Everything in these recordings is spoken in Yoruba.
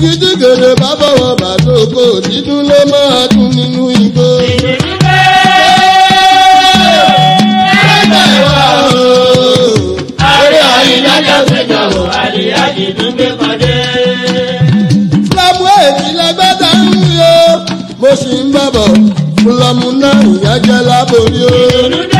gidigidi bá bọ̀wọ̀ bàdókò dídún ló máa dún nínú igbó. ìdílé ẹgbẹ́ wa o. àárẹ̀ ọ̀yìn lọ́jọ́ péjọ o àlìyá dídún gbé kọjá. fúlàmù èjì lẹ́gbẹ́ta ń wí o mo sì ń bàbọ̀ fúlàmù náà ìyá jẹ́ láborí o. ìdílé.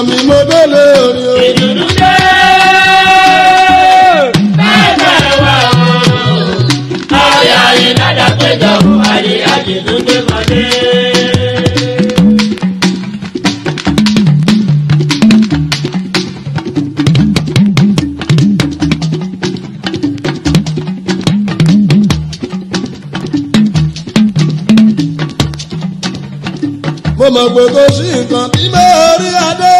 ayọ̀ mi mo délé orí o. ìdùnnú dé bẹ́ẹ̀ wá o. ọ̀yà ìdájà péjọ àyè àjìdúndé mọ́lé. mo mọ̀ pé kò sí nǹkan bí mo rí adé.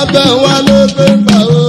lábẹ́ wa ló gbé ń bà